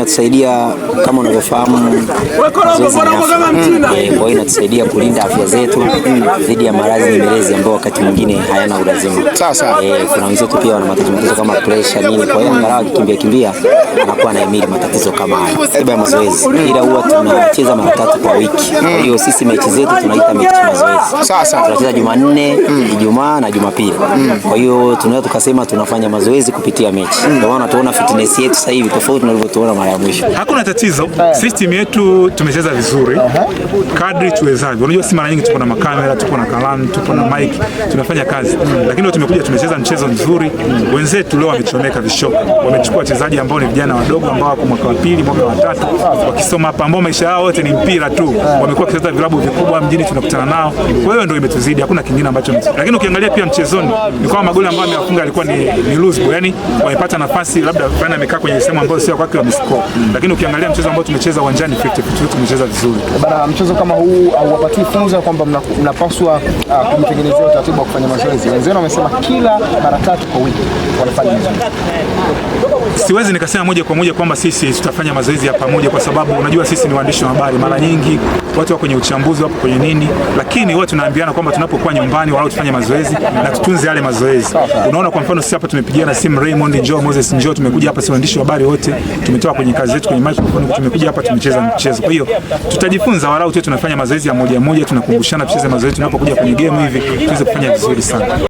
inatusaidia kama unavyofahamu, kwa mm, inatusaidia kulinda afya zetu mm, dhidi ya maradhi nyemelezi ambayo wakati mwingine hayana ulazima. eh, kuna wenzetu pia wana matatizo kama pressure nini, kwa hiyo angalau akikimbia kimbia anakuwa imili matatizo kama haya. Tiba ya mazoezi, ila huwa tunacheza mara tatu kwa wiki, kwa hiyo sisi mechi zetu tunaita mechi mazoezi. Sasa tunacheza Jumanne, mm. Ijumaa na Jumapili, kwa hiyo tunaweza tukasema tunafanya mazoezi kupitia mechi, ndio maana tunaona fitness yetu sasa hivi tofauti na ilivyotuona ya mwisho. Hakuna tatizo, system yetu tumecheza vizuri uh -huh. kadri tuwezavyo. Unajua, si mara nyingi tuko na makamera, tuko na kalamu, tuko na mic, tunafanya kazi mm. Lakini leo tumekuja tumecheza mchezo mzuri mm. Wenzetu leo wamechomeka vishoka, wamechukua wachezaji ambao ni vijana wadogo ambao wako mwaka wa pili, mwaka wa tatu, wakisoma hapa, ambao maisha yao yote ni mpira tu yeah. Wamekuwa wakicheza vilabu vikubwa mjini, tunakutana nao. Kwa hiyo ndio imetuzidi, hakuna kingine ambacho. Lakini ukiangalia pia mchezoni ni kwa magoli ambayo amewafunga alikuwa ni, ni loose yani wamepata nafasi labda fulani amekaa kwenye sehemu ambayo sio kwake, wamescore kwao, lakini ukiangalia mchezo ambao tumecheza uwanjani 50-50 tumecheza vizuri. Bana, mchezo kama huu hauwapatii funzo kwamba mnapaswa ah, kumtengenezea utaratibu wa kufanya mazoezi. Wenzenu wamesema kila mara tatu kwa wiki wanafanya mazoezi. Siwezi nikasema moja kwa moja kwamba sisi tutafanya mazoezi ya pamoja, kwa sababu unajua sisi ni waandishi wa habari, mara nyingi watu wako kwenye uchambuzi, wapo kwenye nini, lakini watu tunaambiana kwamba tunapokuwa nyumbani walau tufanye mazoezi na tutunze yale mazoezi. Unaona, kwa mfano sisi hapa tumepigiana simu, Raymond njoo, Moses njoo, tumekuja hapa, si waandishi wa habari wote tumetoka kwenye kazi zetu kwenye kwa tumekuja hapa tumecheza mchezo. Kwa hiyo tutajifunza, walau tu tunafanya mazoezi ya moja moja, tunakumbushana tucheze mazoezi tunapokuja kwenye game hivi tuweze kufanya vizuri sana.